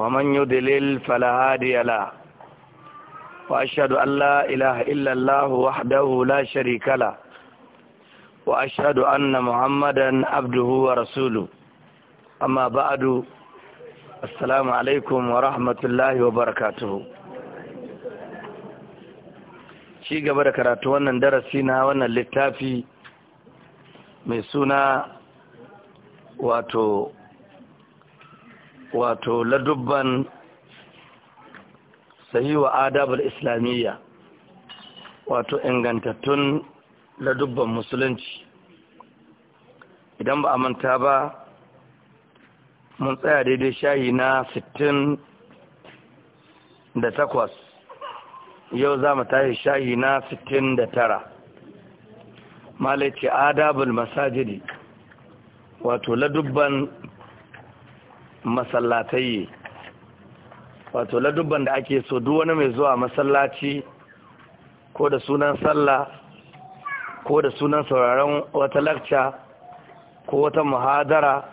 ومن يدلل فلا هادي له وأشهد أن لا إله إلا الله وحده لا شريك له وأشهد أن محمدا عبده ورسوله أما بعد السلام عليكم ورحمة الله وبركاته shi gaba da karatu wannan darasi na wannan littafi mai suna wato wato ladubban sahiwa adabar islamiyya wato ingantattun ladubban musulunci idan ba a manta ba mun tsaya daidai shayi na sittin da takwas yau za mu tashi shayi na sittin da tara malaci adabul masajidi wato ladubban masallatai wato ladubban da ake so duk wani mai zuwa masallaci ko da sunan sallah ko da sunan sauraron wata lakca ko wata muhadara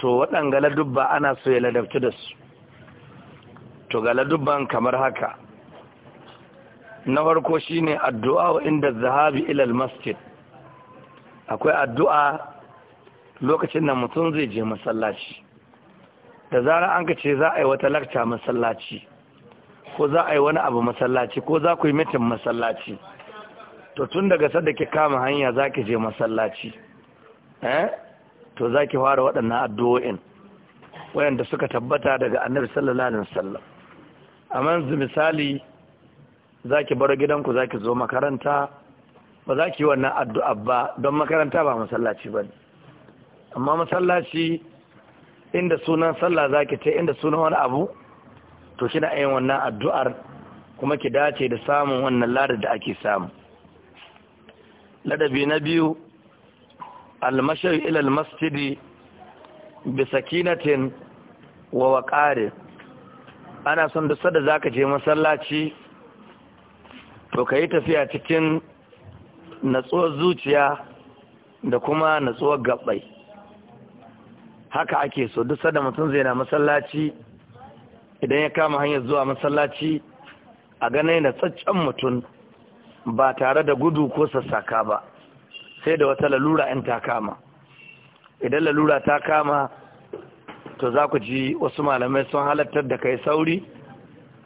to waɗanga ladubba ana so ya ladabci da su to ga ladubban kamar haka na farko shi ne addu'a inda zahabi ilal masjid akwai addu'a lokacin da mutum zai je masallaci da zarar an ka ce za a yi wata larta masallaci ko za a yi wani abu masallaci ko za ku yi mitin masallaci to tun daga sadda ki kama hanya za ki je masallaci eh to za ki fara waɗannan addu'o'in wayanda suka tabbata daga annabi sallallahu alaihi wasallam amma yanzu misali za ki bar gidanku za ki zo makaranta ba za ki yi wannan addu'a ba don makaranta ba masallaci ba amma masallaci inda sunan sallah zaki ce inda sunan wani abu to kina yin wannan addu'ar kuma ki dace da samun wannan ladar da ake samu ladabi na biyu almashar ilal masjidi bi sakinatin wa waqari ana son duk sada zaka je masallaci to kai tafiya cikin natsuwar zuciya da kuma natsuwar gabbai haka ake so duk sanda mutum zai na masallaci idan ya kama hanyar zuwa masallaci a ganin da tsaccen mutum ba tare da gudu ko sassaka ba sai da wata lalura in ta kama idan lalura ta kama to za ku ji wasu malamai sun halattar da kai sauri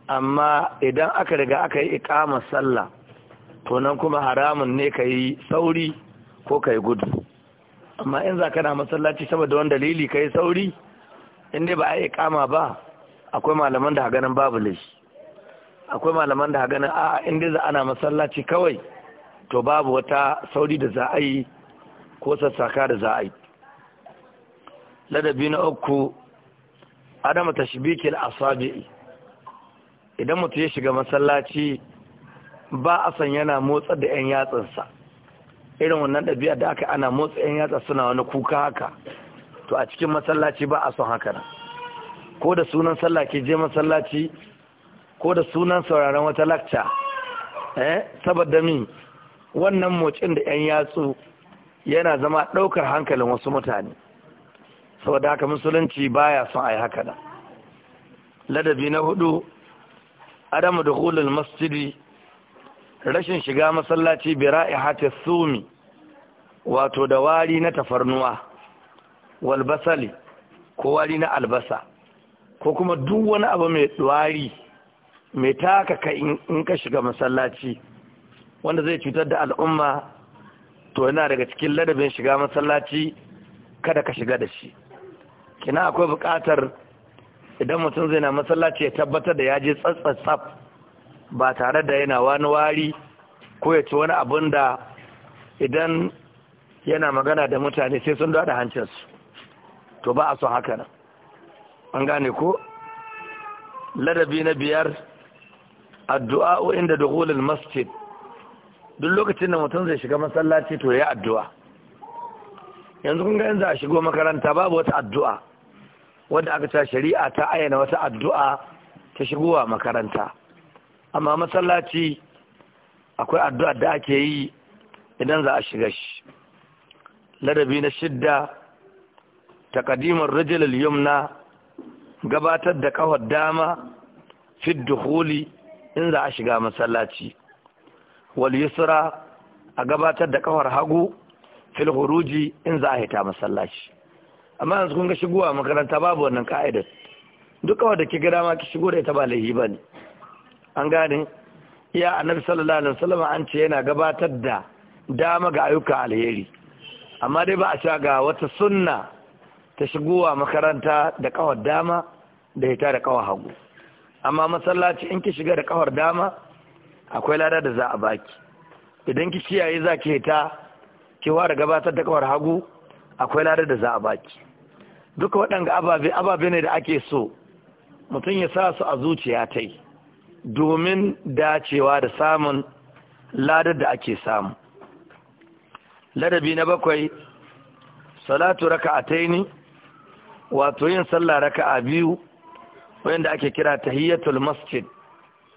amma idan aka riga aka yi ikamar sallah to nan kuma haramun ne ka yi sauri ko ka yi gudu amma in za kana masallaci saboda wani dalili ka yi sauri inda ba a yi kama ba akwai malaman da haganin babu laifi akwai malaman da haganin a inda za ana masallaci kawai to babu wata sauri da za a yi ko sassaka da za a yi ladabi na uku adama tashbikil asabi'i idan mutu ya shiga masallaci ba a san yana motsa da 'yan yatsansa irin wannan ɗabi'a da aka ana motsa yan yatsa suna wani kuka haka to a cikin masallaci ba a son haka ko da sunan sallah ke je masallaci ko da sunan sauraron wata lakca eh saboda min wannan motsin da yan yatsu yana zama ɗaukar hankalin wasu mutane saboda haka musulunci baya son a yi haka ladabi na hudu adamu da masjidi rashin shiga masallaci bi ra'ihati sumi wato da wari na tafarnuwa wal basali ko wari na albasa ko kuma duk wani abu mai wari mai taka ka in ka shiga masallaci wanda zai cutar da al'umma to yana daga cikin ladabin shiga masallaci kada ka shiga da shi kina akwai buƙatar idan mutum zai na masallaci ya tabbatar da ya je tsatsatsaf ba tare da yana wani wari ko ya ci wani abin da idan yana magana da mutane sai sun da hancinsu to ba a son haka nan an gane ko ladabi na biyar addu'a inda dukhulul masjid duk lokacin da mutum zai shiga masallaci to ya addu'a yanzu kun ga yanzu a shigo makaranta babu wata addu'a wanda aka ta shari'a ta ayyana wata addu'a ta shigowa makaranta amma masallaci akwai addu'a da ake yi idan za a shiga shi ladabi na shidda takadimar rajul al-yumna gabatar da kawar dama fi huli in za a shiga masallaci wal yusra a gabatar da kawar hagu fil huruji in za a hita masallaci amma yanzu kun ga shigowa makaranta babu wannan ka'idar duk kawar da ki gida ma ki shigo da ita ba ba ne. an gane iya annabi sallallahu alaihi wasallam an ce yana gabatar da dama ga ayyuka alheri amma dai ba a sha ga wata sunna ta shigowa makaranta da kawar dama da hita da kawar hagu amma masallaci in ki shiga da kawar dama akwai lada da za a baki idan ki kiyaye za ki hita ki ware gabatar da kawar hagu akwai lada da za a baki duka waɗanga ababe ababe ne da ake so mutum ya sa su a zuciya ta yi domin dacewa da samun ladar da ake samu ladabi na bakwai salatu raka a Taini, wato yin sallah raka a biyu wanda ake kira ta tahiyatul masjid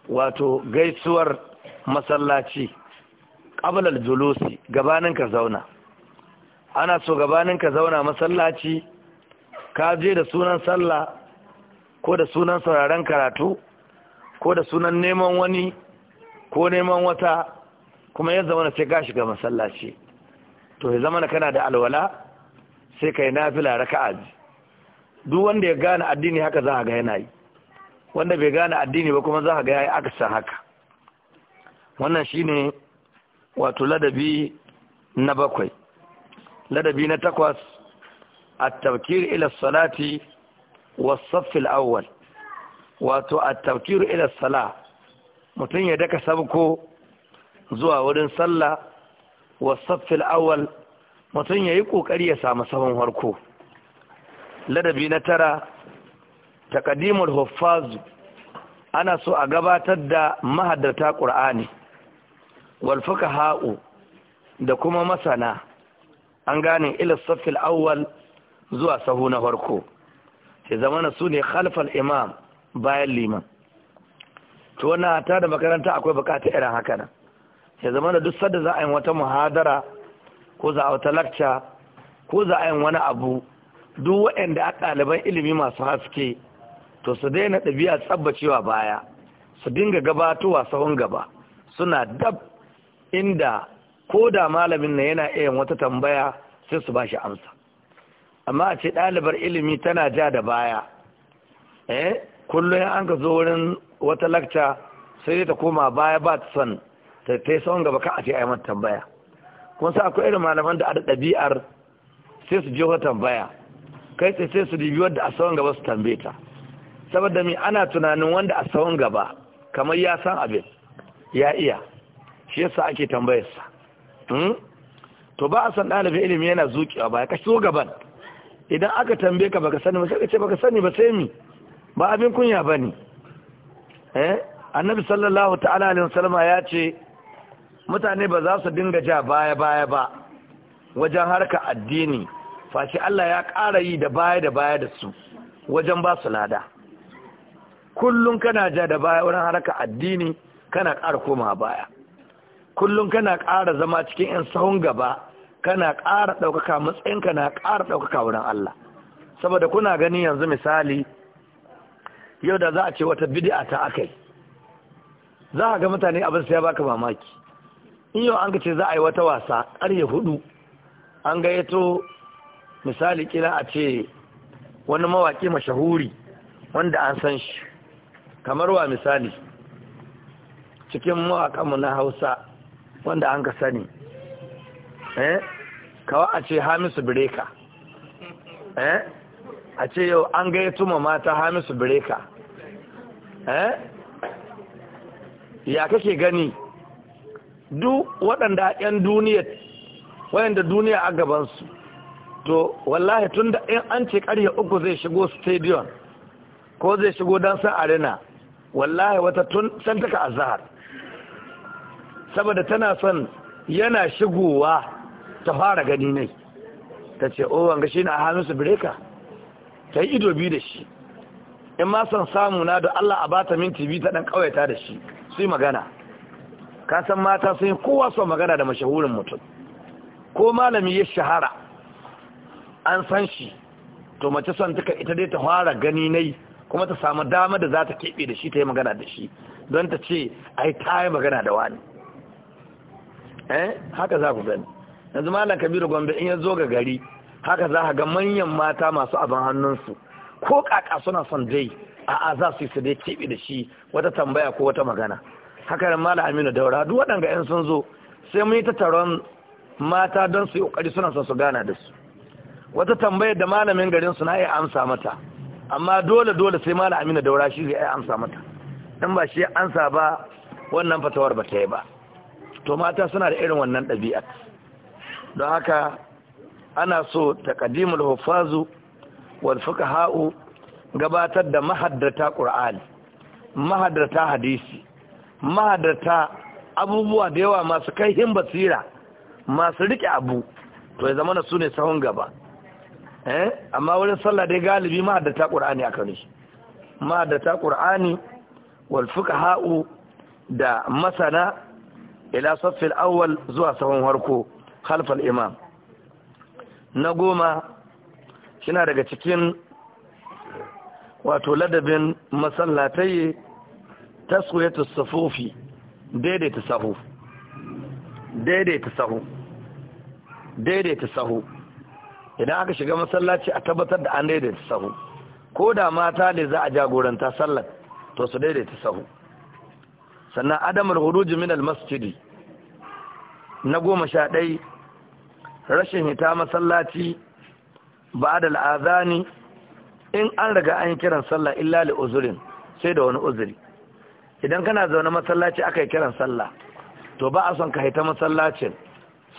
wato gaisuwar masallaci qablal julusi gabanin ka zauna ana so gabanin ka zauna masallaci ka je da sunan sallah ko da sunan sauraron karatu ko da sunan neman wani ko neman wata kuma ya zama na sai gashi ga masallaci to ya zama na kana da alwala sai kai nafila aji. duk wanda ya gane addini haka za ga yana yi wanda bai gane addini ba kuma za ga yayi akasin haka wannan shine wato ladabi na bakwai ladabi na takwas a tabkir ila salati was-saff awwal wato a tafkiru ila sala mutum ya daka sabko zuwa wurin sallah wasaffil awal mutum ya yi ƙoƙari ya samu sabon harko ladabi na tara takadimul huffazu ana so a gabatar da mahaddata ƙur'ani walfuka ha'u da kuma masana an gane ilassafil awal zuwa sahu na farko sai zamana su ne khalfal imam bayan liman to wannan ta da makaranta akwai bukata irin haka nan ya zama da duk sadda za a yi wata muhadara ko za a wata lakca ko za a yi wani abu duk waɗanda a ɗaliban ilimi masu haske to su daina ɗabi'a tsabbacewa baya su dinga gabatowa sahun gaba suna dab inda ko da malamin na yana iya wata tambaya sai su ba shi amsa amma a ce ɗalibar ilimi tana ja da baya eh kullum an ka zo wurin wata lakta sai ta koma baya ba ta son ta ta yi tsawon gaba ka a ce a yi mata tambaya kun sa akwai irin malaman da ada ɗabi'ar sai su je wata tambaya kai sai sai su dibi wadda a tsawon gaba su tambaye ta saboda mi ana tunanin wanda a tsawon gaba kamar ya san abin ya iya shi yasa ake tambayarsa hmm? to ba a san ɗalibin ilimi yana zuƙewa ba ya kashi gaban idan aka tambaye ka baka sani ba sai ka ce baka sani ba sai mi ba abin kunya ba ne eh annabi sallallahu ta'ala alaihi wasallama ya ce mutane ba za su dinga ja baya baya ba wajen harka addini fashi Allah ya ƙara yi da baya da baya da su wajen ba su lada kullun kana ja da baya wurin harka addini kana ƙara koma baya kullum kana ƙara zama cikin 'yan sahun gaba kana ƙara ɗaukaka matsayinka na ƙara ɗaukaka wurin Allah saboda kuna gani yanzu misali yau da za a ce wata bidi'a ta akai za a ga mutane abin sai ya baka mamaki in yau an ga ce za a yi wata wasa ƙarfe hudu an gayyato misali kila a ce wani mawaƙi mashahuri wanda an san shi kamar wa misali cikin mawakanmu na hausa wanda an ka sani eh kawa a ce hamisu bireka eh a ce yau an gaito tuma mata hamisu bireka eh ya kake gani duk waɗanda 'yan duniya waɗanda duniya a gabansu to wallahi tun da in an ce ƙarya uku zai shigo stadion ko zai shigo san arena wallahi wata tun san taka azahar saboda tana son yana shigowa ta fara gani ne ta ce o oh, wanga shi na hamisu bireka ta yi ido biyu da shi in ma san samu na da Allah a ba ta minti biyu ta dan kawaita da shi su magana ka san mata sun yi kowa son magana da mashahurin mutum ko malami ya shahara an san shi to mace son taka ita dai ta fara gani nai kuma ta samu dama da za ta keɓe da shi ta yi magana da shi don ta ce ai ta yi magana da wani eh haka za ku gani yanzu malam kabiru gombe in ya zo ga gari haka za ka ga manyan mata masu abin hannunsu ko kaka suna son dai a'a za su yi su dai keɓe da shi wata tambaya ko wata magana haka da mala aminu daura duk waɗanda yan sun zo sai mun yi ta taron mata don su yi ƙoƙari suna son su gana da su wata tambayar da malamin garin su na iya amsa mata amma dole dole sai mala aminu daura shi zai yi amsa mata in ba shi amsa ba wannan fatawar ba ta yi ba to mata suna da irin wannan ɗabi'a don haka ana so ta taqdimul hufazu suka ha'u gabatar da mahaddata ƙur'ani mahaddata hadisi mahaddata abubuwa da yawa masu kaihin basira masu riƙe abu to ya zama su ne sahun gaba eh amma wurin sallah dai galibi mahaddata qur'ani aka ne mahaddata ƙur'ani, wal ha'u da masana ila saffil awwal zuwa sahun harko khalfal imam na goma na daga cikin wato ladabin masallatai ta safofi daidaita sahu daidaita sahu daidaita sahu idan aka shiga masallaci a tabbatar da an daidaita sahu ko da mata ne za a jagoranta sallar to su daidaita sahu sannan adamar huruji min almasjidi na goma sha ɗai rashin hita masallaci ba da ni in an raga an yi kiran sallah illa li uzurin sai da wani uzuri idan kana zaune masallaci aka yi kiran sallah to ba a son ka hita masallacin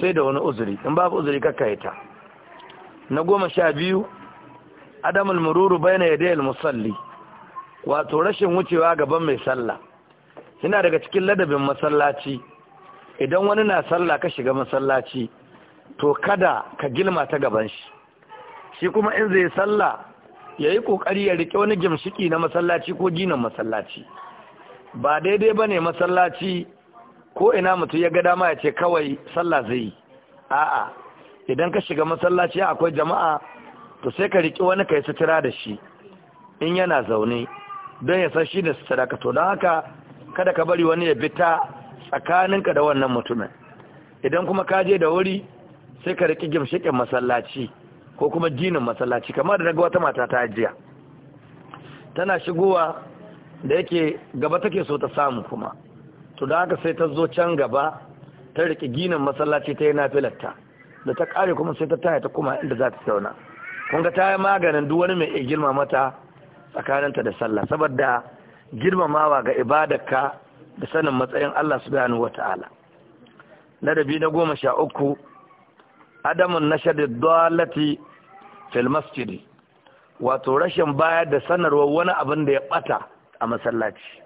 sai da wani uzuri in babu uzuri ka hita na goma sha biyu adamul mururu ya yadayil musalli wato rashin wucewa gaban mai sallah suna daga cikin ladabin masallaci idan wani na sallah ka shiga masallaci to kada ka gilma ta gaban shi shi kuma in zai sallah ya yi ƙoƙari ya rike wani gimshiki na masallaci ko ginin masallaci ba daidai ba ne masallaci ko ina mutum ya ga dama ya ce kawai sallah zai yi a'a idan ka shiga masallaci akwai jama'a to sai ka rike wani ka kai sutura da shi in yana zaune don ya san shi da sutura ka to don haka kada ka bari wani ya bi ta tsakaninka da wannan mutumin idan kuma ka je da wuri sai ka riƙe gimshiƙin masallaci ko kuma ginin masallaci kamar da daga wata mata ta ajiya tana shigowa da yake gaba take so ta samu kuma to da haka sai ta zo can gaba ta riƙe ginin masallaci ta yi na nafilarta da ta ƙare kuma sai ta taya ta kuma inda za ta zauna kun ga ta yi maganin duk wani mai girma mata tsakaninta da sallah saboda girmamawa ga ibadarka da sanin matsayin Allah subhanahu wata'ala ladabi na goma sha uku adamu nashar dalati fil masjidi wato rashin baya da sanarwar wani abin da ya bata a masallaci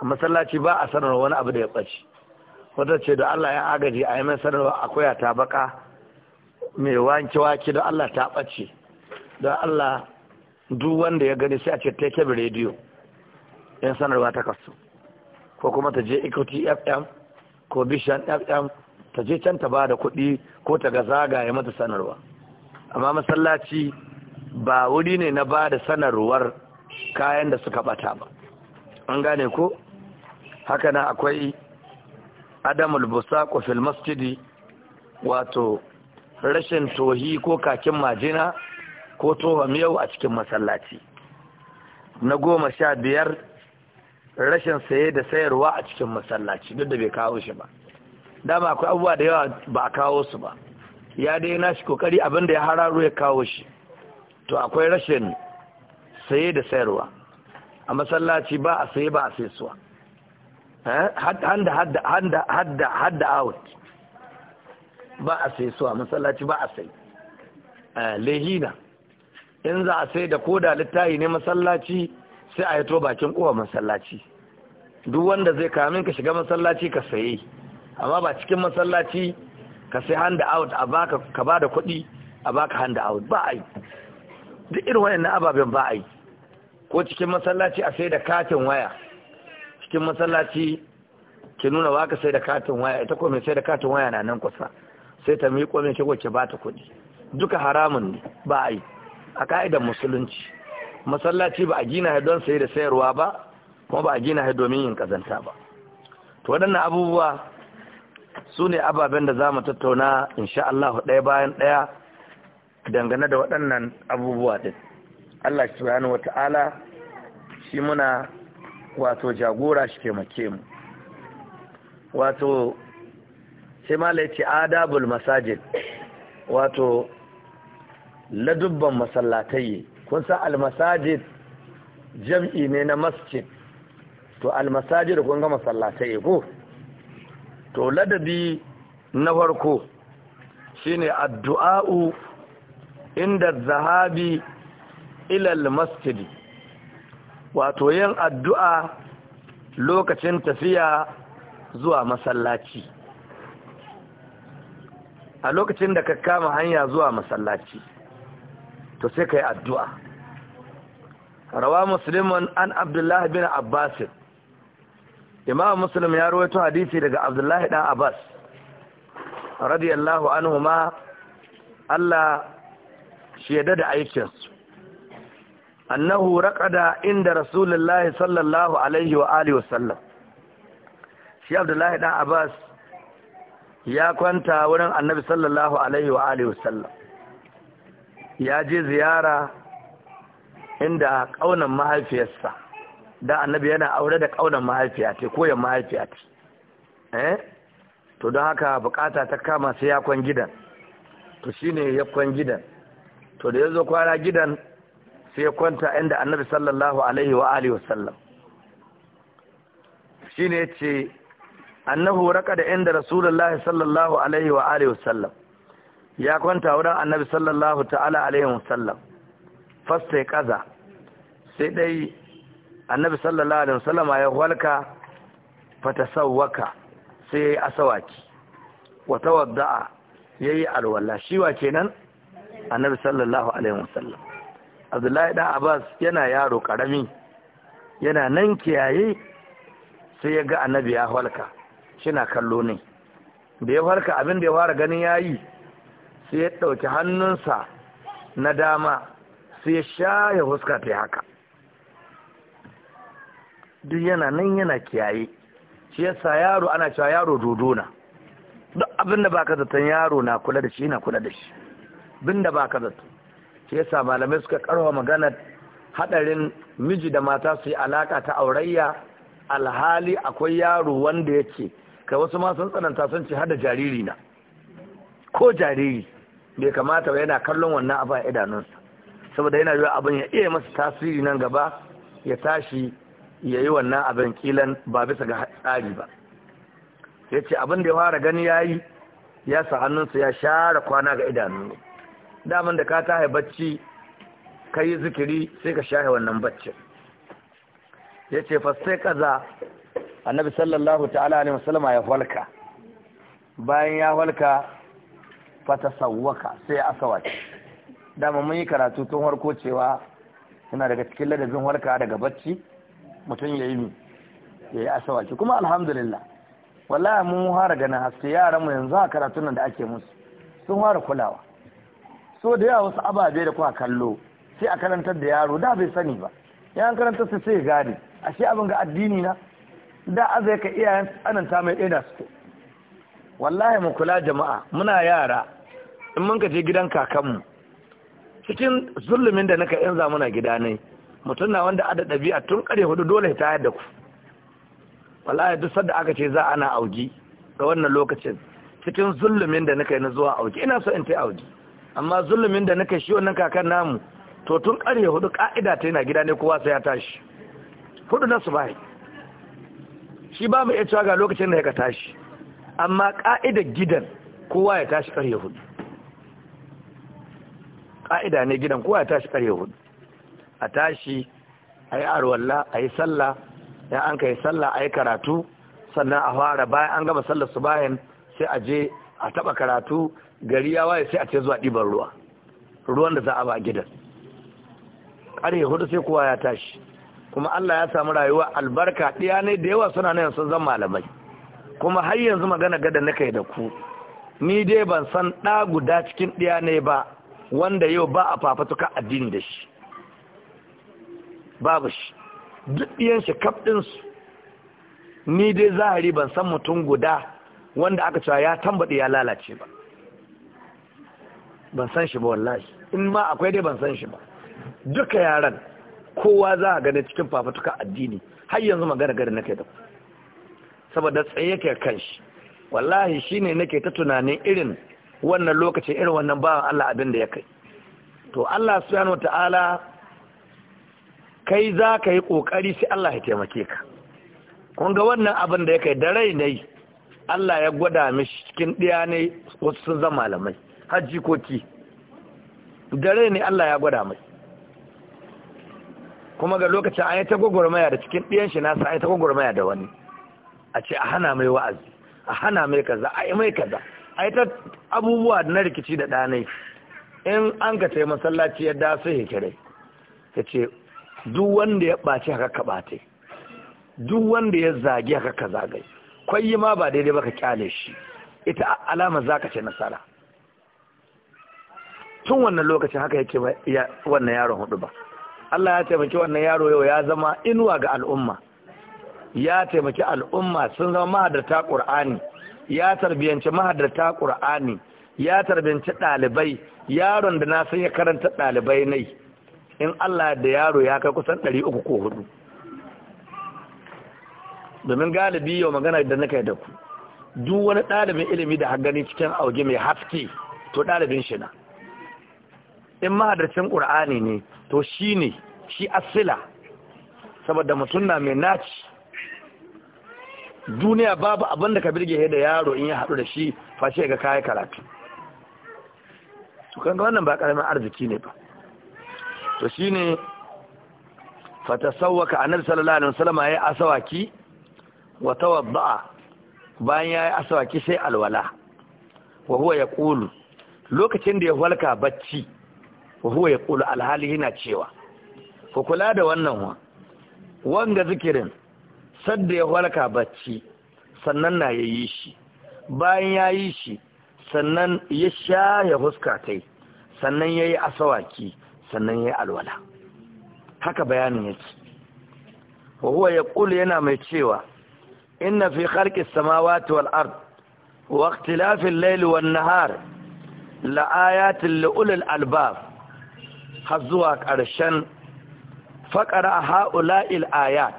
a masallaci ba a sanarwa wani abu da ya bace wata ce da Allah ya agaji a yi mai sanarwa akwai ta baka mai wanke wake da Allah ta bace da Allah duk wanda ya gani sai a ce ta bi rediyo in sanarwa ta kasu ko kuma ta je equity fm ko bishan fm ta je can ta ba da kuɗi ko ta ga zagaye mata sanarwa amma masallaci ba wuri ne na ba da sanarwar kayan da suka bata ba an gane ko haka na akwai adamul busaqu fil masjidi wato rashin tohi ko kakin majina ko tohon yau a cikin masallaci na goma sha biyar rashin saye da sayarwa a cikin masallaci duk da bai kawo shi ba dama akwai abubuwa da yawa ba a kawo su ba ya dai na shi kokari abinda ya hararo ya kawo shi to akwai rashin saye da sayarwa a masallaci ba a saye ba a saisuwa suwa eh, hadda out ba a saisuwa masallaci ba a sai eh, lehina in za a sai da koda littahi ne masallaci sai a yato bakin kowa masallaci duk wanda zai kamin ka shiga masallaci ka saye amma ba cikin masallaci ka sai hand out a baka ka bada kuɗi a baka hand out ba ai duk irin wannan ababen ba ai ko cikin masallaci a sai da katin waya cikin masallaci ki nuna wa sai da katin waya ita ko me sai da katin waya na nan kusa sai ta miƙo min shigo ki bata kuɗi duka haramun ne ba ai a ka'idar musulunci masallaci ba a gina don sai da sayarwa ba kuma ba a gina domin yin kazanta ba to waɗannan abubuwa su ne ababen da za mu tattauna insha Allah ɗaya bayan ɗaya dangane da waɗannan abubuwa ɗin Allah wa wata'ala shi muna wato jagora shi taimake mu wato sai malai ce adabul masajid wato ladubban masallatai kun san almasajid jam'i ne na masjid to almasajid kun ga masallatai ko to ladabi na farko shine addu'a'u inda zahabi ilal masjidi wato yin addu'a lokacin tafiya zuwa masallaci a lokacin da ka kama hanya zuwa masallaci to sai ka yi addu'a rawa musulman an abdullahi bin abbasin imam muslim ya rawaito hadisi daga abdullahi dan abbas radiyallahu anhuma Allah shi yadda da aikinsu annahu raqada inda rasulullahi sallallahu alaihi wa alihi wasallam shi abdullahi dan abbas ya kwanta wurin annabi sallallahu alaihi wa alihi wasallam ya je ziyara inda kaunan mahaifiyarsa da annabi yana aure da kaunar mahaifiya ce koyan mahaifiya ce eh to don haka bukata ta kama sai yakon gidan to shine yakon gidan to da yazo kwara gidan sai ya kwanta inda annabi sallallahu alaihi wa alihi wasallam shine yace annahu raka da inda rasulullahi sallallahu alaihi wa alihi wasallam ya kwanta wurin annabi sallallahu ta'ala alaihi wasallam fasta ya kaza sai dai annabi sallallahu alaihi wasallam ya walka fatasawwaka sai asawaki wa tawadda yayi alwala shi wa kenan annabi sallallahu alaihi wasallam abdullahi dan abbas yana yaro karami yana nan kiyaye sai ya ga annabi ya walka shina kallo ne da ya halka abin da ya fara ganin yayi sai ya dauki hannunsa na dama sai ya sha ya huska ta haka duk yana nan yana kiyaye shi yasa yaro ana cewa yaro dodona duk abin da baka zaton yaro na kula da shi na kula da shi bin da baka zato shi yasa malamai suka karwa magana hadarin miji da mata su yi alaka ta aurayya alhali akwai yaro wanda yake kai wasu ma sun tsananta sun ce hada jariri na ko jariri bai kamata ba yana kallon wannan abin a idanunsa saboda yana yi abin ya iya masa tasiri nan gaba ya tashi ya yi wannan abin kilan ba bisa ga tsari ba ya ce abin da ya fara gani ya yi ya sa hannunsa ya share kwana ga idanu daman da ka tahi bacci ka yi zikiri sai ka share wannan baccin ya ce fasai kaza annabi sallallahu ta'ala ne musulma ya walka bayan ya walka fata sauwaka sai ya asawaci dama mun yi karatu tun harko cewa suna daga cikin ladabin walka daga bacci mutum ya yi ya yi asawaki kuma alhamdulillah wallahi mun fara ganin haske yaranmu yanzu a karatun nan da ake musu sun fara kulawa so da yawa wasu ababe da kuma kallo sai a karantar da yaro da bai sani ba ya karantar su sai gane a shi abin ga addini na da azai ka iyayen ananta mai ɗaya su wallahi mu kula jama'a muna yara in mun ka je gidan kakanmu cikin zulumin da naka yanza muna gida ne mutum na wanda ada ɗabi'a tun ƙare hudu dole ta yadda ku wallahi duk sadda aka ce za ana auji ga wannan lokacin cikin zulumin da nake yi na zuwa auji ina so in ta auji amma zulumin da nika shi wannan kakan namu to tun ƙare hudu ka'ida ta yana gida ne kowa sai ya tashi hudu na subahi shi ba mu iya cewa ga lokacin da ya ka tashi amma ka'idar gidan kowa ya tashi ƙarfe hudu ka'ida ne gidan kowa ya tashi ƙarfe hudu a tashi a yi arwalla a yi sallah ya an yi sallah a yi karatu sannan a fara bayan an gama sallar su bayan sai a je a taba karatu gari ya waye sai a ce zuwa ɗiban ruwa ruwan da za a ba gidan ƙarfe hudu sai kowa ya tashi kuma Allah ya samu rayuwa albarka ɗiya ne da yawa suna na sun zan malamai kuma har yanzu magana gada na kai da ku ni dai ban san ɗa guda cikin ɗiya ne ba wanda yau ba a fafatuka addini da shi babu shi duk ɗiyan shi ni dai zahari ban san mutum guda wanda aka cewa ya tambaɗe ya lalace ba ban san shi ba wallahi in ma akwai dai ban san shi ba duka yaran kowa za a gane cikin fafutuka addini har yanzu magana gari nake da saboda tsaye yake kan shi wallahi shi ne nake ta tunanin irin wannan lokacin irin wannan bawan Allah abin da ya kai to Allah subhanahu wataala kai za ka yi ƙoƙari sai Allah ya taimake ka kun ga wannan abin da ya kai da rai ne Allah ya gwada mishi cikin ɗiya ne wasu sun zama malamai har jikoki da rai ne Allah ya gwada mai kuma ga lokacin an yi ta gwagwarmaya da cikin ɗiyan shi nasa an yi ta gwagwarmaya da wani a ce a hana mai wa'azi a hana mai kaza a yi mai kaza a yi ta abubuwa na rikici da ɗanai in an ka taimaka masallaci ya da su hikirai ya ce duk wanda ya ɓace haka ka ɓate duk wanda ya zage haka ka zagai kwayi ma ba daidai ba ka kyale shi ita alama za ka ce nasara tun wannan lokacin haka yake wannan yaron hudu ba Allah ya taimaki wannan yaro yau ya zama inuwa ga al'umma ya taimaki al'umma sun zama mahadarta ƙur'ani ya tarbiyanci mahadarta ƙur'ani ya tarbiyyance ɗalibai yaron da na san ya karanta ɗalibai nai in Allah da yaro ya kai kusan ɗari uku ko hudu domin galibi yau magana da na kai da ku duk wani ɗalibin ilimi da hangani cikin auge mai haske to ɗalibin shi na in mahadarcin ƙur'ani ne to shi ne shi asila saboda mutum na mai naci duniya babu abin da ka birge da yaro in ya haɗu da shi fashe ga kayan karatu su wannan ba ƙaramin arziki ne ba to shi ne shine fatasawwaka annabi salallahu alaihi wasallam yi asawaki Wata wadda'a bayan ya yi asawaki sai alwala wa huwa lokacin da ya walka bacci wa huwa alhali yana cewa ku kula da wannan wa wanga zikirin sadda ya walka bacci sannan na ya yi shi bayan ya yi shi sannan ya sha ya huska tai sannan yayi asawaki sannan ya yi alwala haka bayanin yake wahuwa ya ƙul yana mai cewa inna fi harkis samawati wal ard wa ikhtilafin laili wan nahar la ayatin li ulil albab har zuwa ƙarshen faƙara ha'ula'il ayat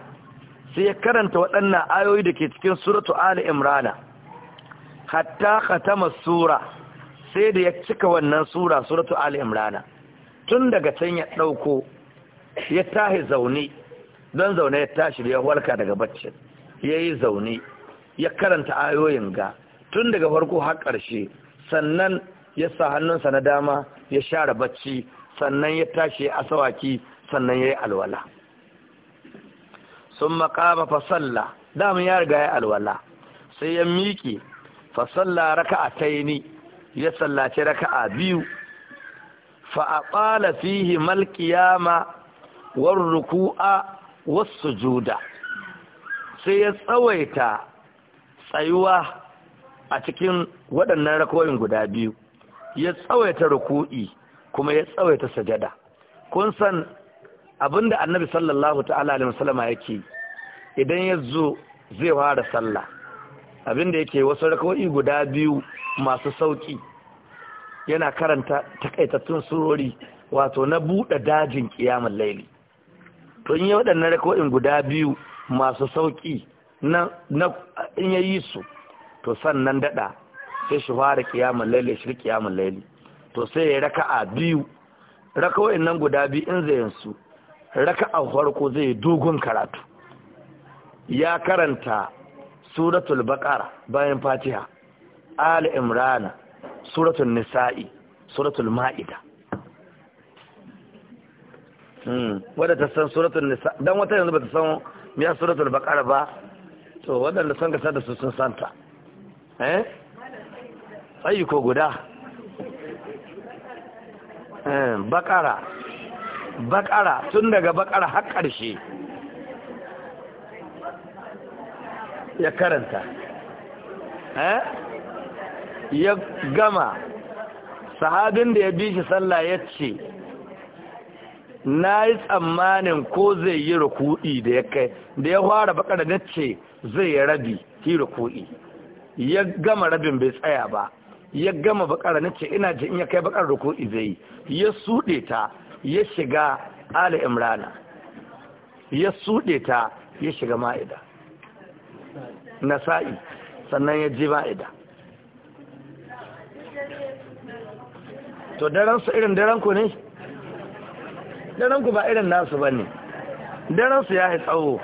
sai ya karanta waɗannan ayoyi da ke cikin suratu ali imrana hatta khatama sura sai da ya cika wannan sura suratu ali imrana tun daga can ya ɗauko ya tahi zaune don zaune ya tashi ya walka daga bacci ya yi zaune ya karanta ayoyin ga tun daga farko har ƙarshe sannan ya sa hannunsa na dama ya share bacci sannan ya tashi ya asawaki sannan ya yi alwala sun makama fasalla dama ya riga ya alwala sai ya miƙe fasalla raka'a ta yi ni ya sallace a biyu fa'aɓala fihi malƙiyama war ruku'a wasu juda sai ya tsawaita tsayuwa a cikin waɗannan rako'in guda biyu ya tsawaita ruku'i kuma ya tsawaita sajada kun san abinda annabi sallallahu ta'ala yake idan ya zo zai fara sallah abinda yake wasu rako'i guda biyu masu sauƙi. yana karanta takaitattun surori wato na buɗe dajin ƙiyamar laili to in yi waɗannan guda biyu masu sauƙi na in ya yi su to sannan daɗa sai shi fara ƙiyamar laili shi ƙiyamar laili to sai ya raka a biyu raka'o'in nan guda biyu in zai yansu a farko zai dogon karatu ya karanta suratul bakar bayan fatiha ali imrana suratul nisa'i suratul ma'ida hmm. wadda ta san suratul nisa don wata yanzu ba ta san miya suratul baƙara ba to waɗanda son gasa da su sun santa eh ayyuko guda eh, Baƙara, baƙara, tun daga baƙara har ƙarshe ya karanta eh ya gama sahabin da ya bi shi sallah ya ce na yi tsammanin ko zai yi rukudi da ya kai da ya fara bakar da ce zai yi rabi ki rukudi ya gama rabin bai tsaya ba ya gama bakar na ce ina ji in ya kai bakar rukudi zai yi ya suɗe ta ya shiga ali imrana ya suɗe ta ya shiga ma'ida nasa'i sannan ya ji ma'ida to daren su irin daren ku ne daren ku ba irin nasu ba daren su ya haitsawo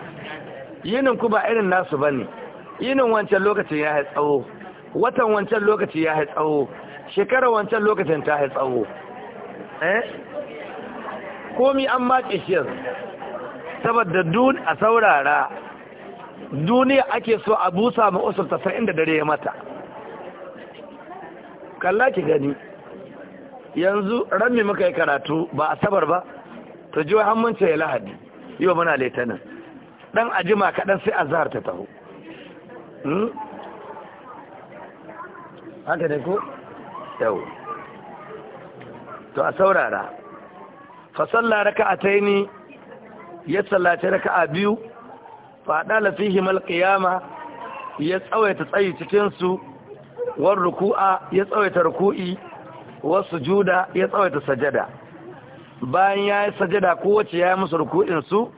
yinin ku ba irin nasu ba ne. yinin wancan lokacin ya haitsawo watan wancan lokaci ya haitsawo shekarar wancan lokacin ta haitsawo eh komi an maƙi shi yanzu saboda dun a saurara duniya ake so a busa ma usul ta san inda dare ya mata kalla ki gani yanzu rami muka yi karatu ba a sabar ba to jiwa hannunce ya lahadi yau muna laitanin dan ajima kaɗan sai zahar ta taho hmm? haka ne ko yau to a saurara fasalla raka a ni ya tsallace a biyu faɗa lafihi ƙiyama ya tsawaita tsayi cikinsu war ruku'a ya tsawaita ruku'i wasu juda ya tsawaita sajada bayan ya yi sajada kowace ya yi musu rukuɗinsu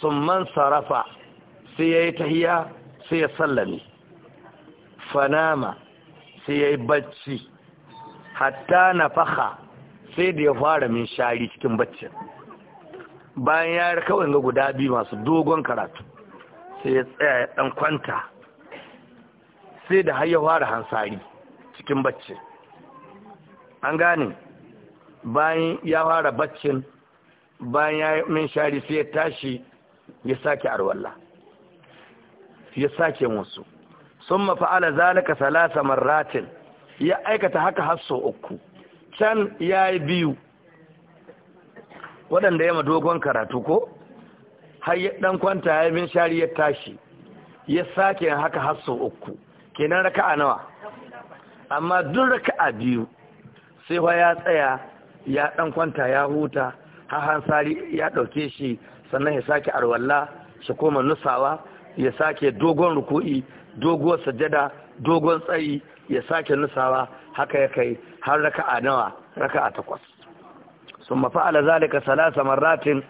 sun man sarrafa sai ya yi tahiya sai ya sallame fanama sai ya yi bacci hatta na faha sai da ya fara min shari cikin baccin bayan ya yi kawai ga guda biyu masu dogon karatu sai ya tsaya ya ɗan kwanta sai da har ya fara hansari cikin baccin an gane bayan ya fara baccin bayan ya min shari sai ya tashi ya sake arwalla ya sake musu, sun mafi mafa'ala zalika salasa marratin ya aikata haka hasso uku can ya yi biyu waɗanda ya dogon karatu ko har ɗan kwanta ya min shari ya tashi ya sake haka hasso uku kenan raka'a nawa amma duk raka'a biyu sai fa ya tsaya ya ɗan kwanta ya huta har hansari ya dauke shi sannan ya sake arwalla shi koma nusawa ya sake dogon ruku'i dogon sajada dogon tsayi ya sake nusawa haka ya kai har raka a nawa raka a takwas sun ala zalika salasa marratin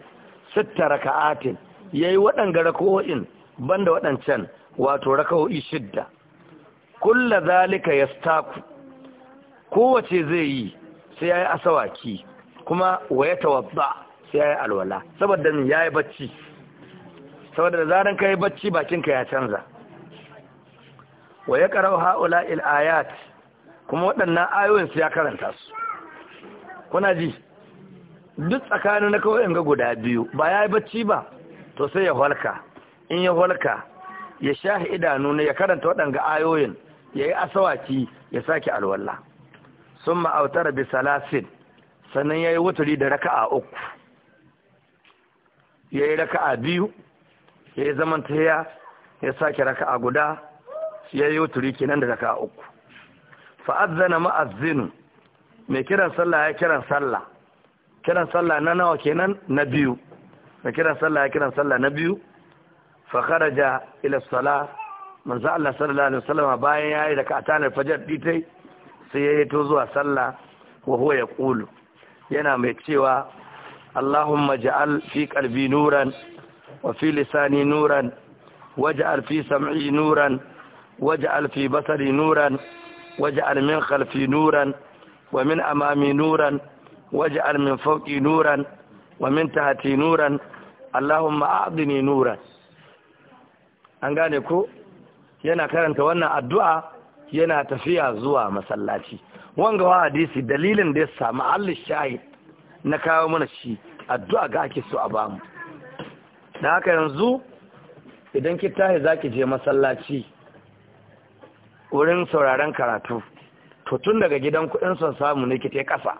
sitta raka'atin yayi waɗanga raka'o'in banda waɗancan wato raka'o'i shidda kulla zalika staku kowace zai yi sai ya yi asawaki kuma waya tawabba sai ya yi alwala saboda ya yi bacci saboda da zaran ka yi bacci bakinka ya canza waya karau ha'ula il'ayat kuma waɗannan ayoyin su ya karanta su kuna ji duk tsakanin na kawai ga guda biyu ba ya yi bacci ba to sai ya halka in ya halka ya sha idanu ne ya karanta waɗanga ayoyin ya yi asawaki ya sake alwallah sun ma'autar bi salasin sannan ya yi wuturi da raka'a uku ya yi raka'a biyu ya yi zaman tahiya ya sake raka'a guda ya yi wuturi kenan da raka'a uku fa'azzana ma'azinu mai kiran sallah ya kiran sallah kiran sallah na nawa kenan na biyu mai kiran sallah ya kiran sallah na biyu fa kharaja ila salah manzo Allah sallallahu alaihi wasallam bayan yayi raka'a tanar fajar ditai sai ya yato zuwa sallah wa huwa ƙulu yana mai cewa Allahumma ja'al fi qalbi nuran wa fi lisani nuran waj'al fi sam'i nuran waj'al fi basari nuran waj'al min khalfi nuran wa min amami nuran waj'al min fawqi nuran wa min tahti nuran Allahumma a'dini nuran an gane ko yana karanta wannan addu'a yana tafiya zuwa masallaci wanga wa hadisi dalilin da ya samu Allah shayi na kawo mana shi addu'a ga ake so a bamu da haka yanzu idan ki tahi zaki je masallaci wurin sauraren karatu to tun daga gidan kuɗin son samu ne ki kasa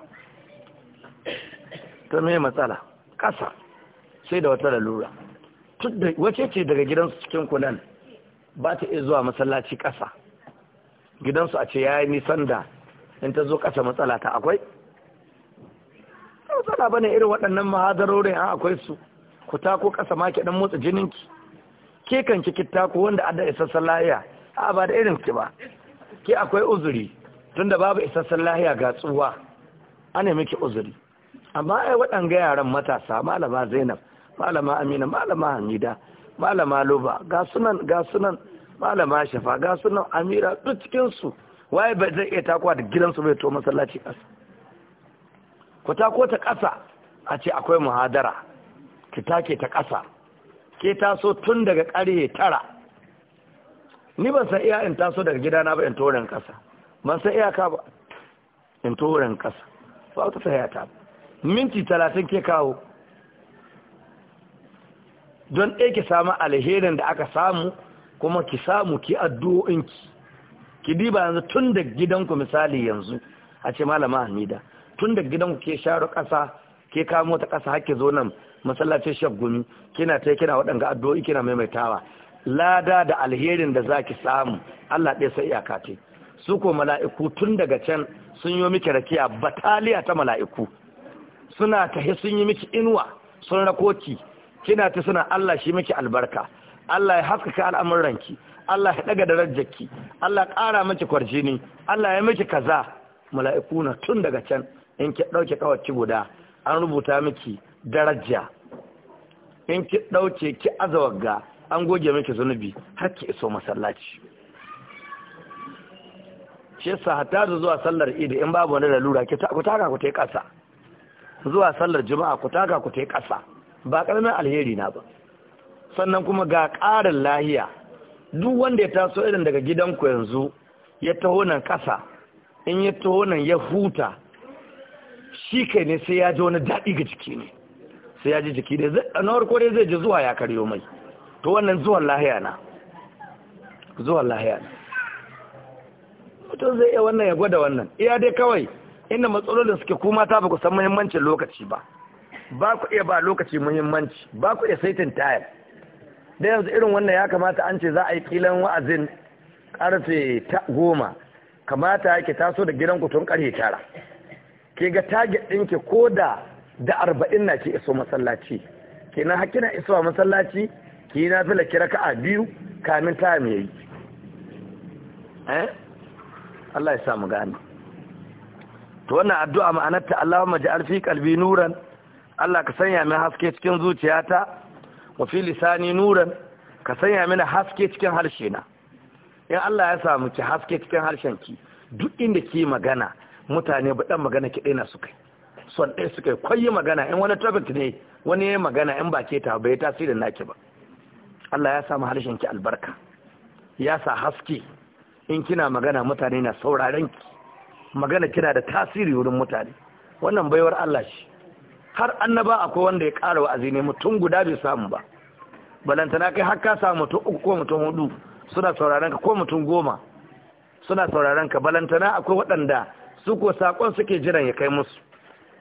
ta me matsala kasa sai da wata lalura wace ce daga gidan cikin kunan ba ta iya zuwa masallaci ƙasa. gidansu a ce ya yi nisan da in ta zo kasa matsala ta akwai matsala ba ne irin waɗannan mahadarorin an akwai su ku ko kasa ma ke ɗan motsa jininki ke kan ki ko wanda adda isassan lahiya a ba da irin ki ba ke akwai uzuri tunda babu isassan lahiya ga tsuwa nemi miki uzuri amma ai waɗanga yaran matasa malama zainab malama amina malama hamida malama loba ga sunan ga sunan malama shafa ga sunan amira duk cikinsu waye bai zai iya takuwa da gidansu bai to masallaci ƙasa ku tako ta ƙasa a ce akwai muhadara ki take ta ƙasa ke taso tun daga ƙarhe tara ni ban san iya in taso daga gidana ba in toren ƙasa ban san iyaka ba in toren ƙasa ba ta tsaya ta minti talatin ke kawo don ɗaya ki samu alherin da aka samu kuma ki samu ki addu'o'inki ki diba yanzu tun da gidanku misali yanzu a ce malama hamida tun da gidanku ke sharo ƙasa ke kamo ta ƙasa hake zo nan masallacin shaf gumi kina ta kina waɗanga addu'o'i kina maimaitawa lada da alherin da zaki samu Allah ɗaya sai iyaka ce su ko mala'iku tun daga can sun yi miki rakiya bataliya ta mala'iku suna tahi sun yi miki inuwa sun rakoki kina ta suna Allah shi miki albarka Allah ya haskaka ki. Allah ya ɗaga darajar rajjaki, Allah ya ƙara miki kwarjini Allah ya miki kaza mala'iku na tun daga can in ki ɗauke ki guda an rubuta miki daraja in ki ɗauke ki azawagga an goge miki zunubi har ki iso masallaci shi zuwa sallar idi in babu wani lalura ku taka ku yi ƙasa. zuwa sallar juma'a ku taka ku yi kasa ba karamin alheri na ba sannan kuma ga ƙarin lahiya duk wanda ya taso irin daga gidanku yanzu ya taho nan ƙasa in ya taho nan ya huta shi kai ne sai ya ji wani daɗi ga jiki ne sai ya ji jiki da na farko dai zai ji zuwa ya karyo mai to wannan zuwan lahiya na zuwan lahiya na mutum zai iya wannan ya gwada wannan iya dai kawai inda matsalolin suke kuma ta ba ku san muhimmancin lokaci ba ba ku iya ba lokaci muhimmanci ba ku iya saitin tayar da yanzu irin wannan ya kamata an ce za a yi kilan wa'azin karfe goma kamata ya ke taso da gidan tun karfe tara ke ga target ɗinki ko da da arba'in na ke iso masallaci kenan na isowa masallaci ki na fila kira a biyu kamin time yi. eh Allah ya samu gani to wannan addu'a ma'anarta ma ja'al arfi, kalbi nuran Allah ka sanya min haske cikin zuciyata wa fi lisani nuran ka sanya mini haske cikin harshe na in Allah ya samu ki haske cikin harshen ki duk inda ki magana mutane ba dan magana ki daina su kai son ɗaya su kai kwayi magana in wani topic ne wani ya magana in ba ke ta bai tasirin naki ba Allah ya samu harshen ki albarka ya sa haske in kina magana mutane na sauraron ki magana kina da tasiri wurin mutane wannan baiwar Allah shi har annaba akwai wanda ya ƙara wa'azi ne mutum guda bai samu ba balantana kai har ka samu mutum uku ko mutum hudu suna sauraron ka ko mutum goma suna sauraron ka balantana akwai waɗanda su ko sakon suke jiran ya kai musu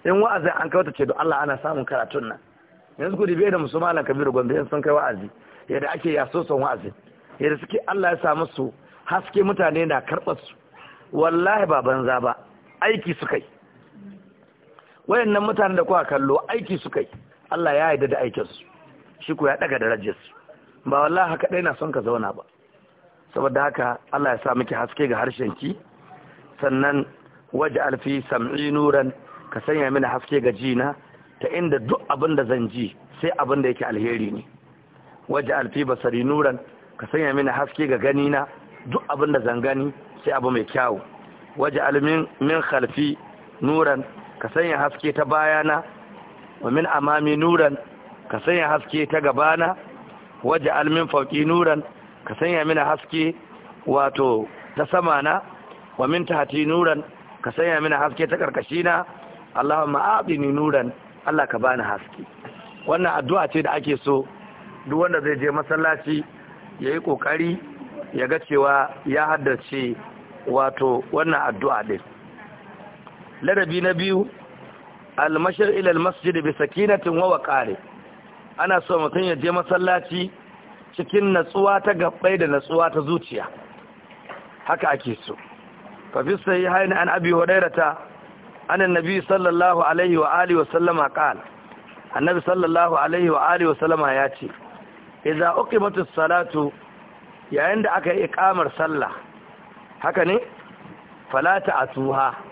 in wa'azin an kai wata ce don Allah ana samun karatun nan yanzu gudu biyar da musu malam kabiru gombe in sun kai wa'azi yadda ake yaso son wa'azi yadda suke Allah ya samu su haske mutane na karɓar su wallahi ba banza ba aiki su kai wayannan mutane da kuwa kallo aiki su kai, Allah ya yarda da aikinsu shi ku ya daga darajarsu ba wallahi haka dai na son ka zauna ba saboda haka Allah ya sa miki haske ga harshen ki sannan waje alfi sam'i nuran ka sanya mini haske ga jina ta inda duk abin da zan ji sai abin da yake alheri ne waje alfi basari nuran ka sanya mini haske ga gani na duk abin da zan gani sai abu mai kyau. waje almin min khalfi nuran ka sanya haske ta bayana wa min amami nuran ka sanya haske ta gabana waje almin fauki nuran ka sanya mina haske wato ta samana wa min tahti nuran ka sanya mina haske ta karkashina Allahumma a'tini nuran Allah ka bani haske wannan addu'a ce da ake so duk wanda zai je masallaci yi kokari ya ga cewa ya haddace wato wannan addu'a din ladabi na biyu almashar ilal masjid bi sakinatin wa waqari ana so mutum ya je masallaci cikin natsuwa ta gabbai da natsuwa ta zuciya haka ake so fa fi sahihaini an abi ta, an annabi sallallahu alaihi wa alihi wa sallama qala annabi sallallahu alaihi wa alihi wa sallama ya ce idza uqimatus salatu yayin da aka yi iqamar sallah haka ne fala ta'tuha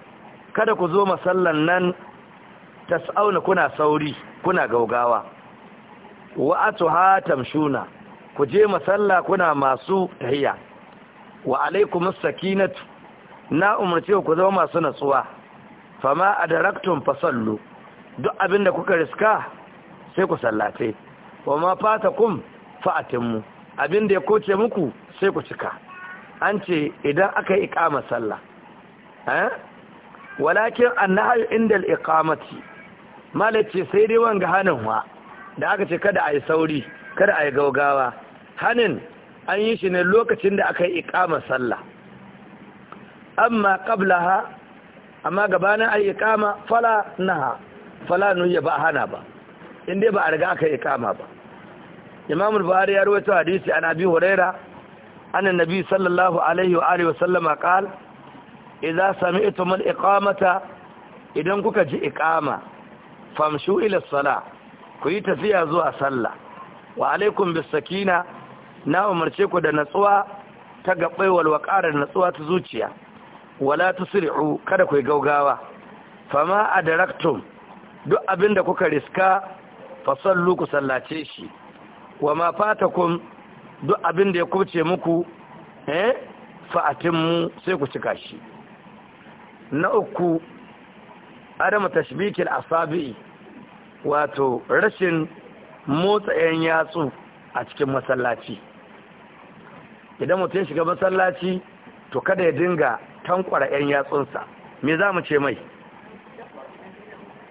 kada ku zo masallan nan ta tas'auna kuna sauri kuna gaugawa wa atuha tamshuna ku je masalla kuna masu tahiya wa alaikumus sakinatu na umarce ku zama masu natsuwa fama a adaraktum fasallu duk abinda kuka riska sai ku sallace wa ma fatakum abin abinda ya koce muku sai ku cika an ce idan aka yi iqama sallah eh walakin annahyu inda al malace sai dai wanga hannun wa da aka ce kada a yi sauri kada a yi gaugawa hanin an yi shi ne lokacin da aka yi iqamar sallah amma ha, amma gabanin ayi iqama fala na ha, fala nuyya ba hana ba inda ba a riga aka yi iqama ba imamul buhari ya rawaito hadisi an abi huraira anan nabi sallallahu alaihi wa alihi wa sallama qala idza sami'tum al-iqamata idan kuka ji iqama famshu ila as-salah ku yi tafiya zuwa sallah wa alaikum bis-sakina na umarce ku da natsuwa ta gabbai wal waqara natsuwa ta zuciya wala tusri'u kada ku gaugawa fama adraktum duk abinda kuka riska fasallu ku sallace shi wa ma fatakum duk abinda ya kubce muku eh atimmu sai ku cika shi na uku adama tashbikil asabi wato rashin motsa yan yatsu a cikin masallaci idan mutum ya shiga masallaci to kada ya dinga tankwara yan yatsunsa me za mu ce mai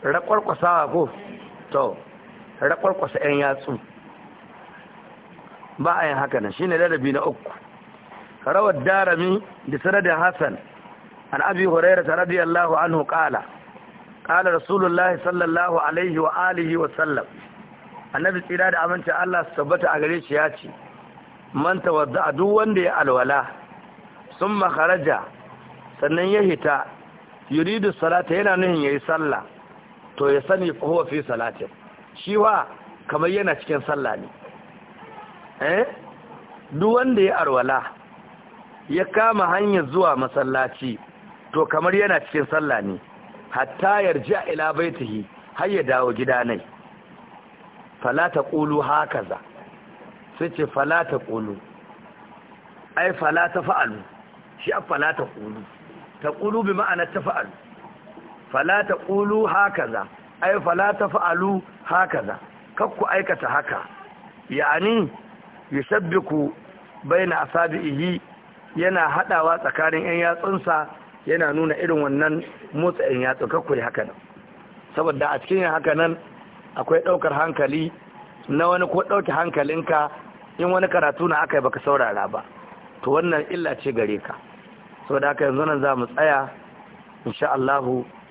raƙwarƙwasawa ko to rakwarkwasa yan yatsu ba a yin haka nan shine ladabi na uku rawar darami da sanadin hassan an abi hurairah radiyallahu anhu qala qala rasulullahi sallallahu alaihi wa alihi wa sallam annabi tsira da aminci Allah su tabbata a gare shi ya ce man tawadda duk wanda ya alwala summa kharaja sannan ya hita yuridu salata yana nuhin yayi sallah to ya sani fa salatin shi wa kamar yana cikin sallah ne duk wanda ya alwala ya kama hanyar zuwa masallaci to kamar yana cikin sallah ne hatta yarji'a ila baitihi har ya dawo gida nai fala qulu hakaza sai ce fala qulu ai fala ta fa'alu shi a fala Ta qulu bi ma'ana fa'alu fala ta qulu hakaza ai fala ta fa'alu hakaza kakku aikata haka ya'ani yusabbiku baina asabihi yana hadawa tsakanin ƴan yatsunsa yana nuna irin wannan motsa in yatsu kakkuri haka nan saboda a cikin haka nan akwai ɗaukar hankali na wani ko ɗauke hankalinka in wani karatu na aka yi baka saurara ba to wannan illa ce gare ka saboda haka yanzu nan za mu tsaya insha Allahu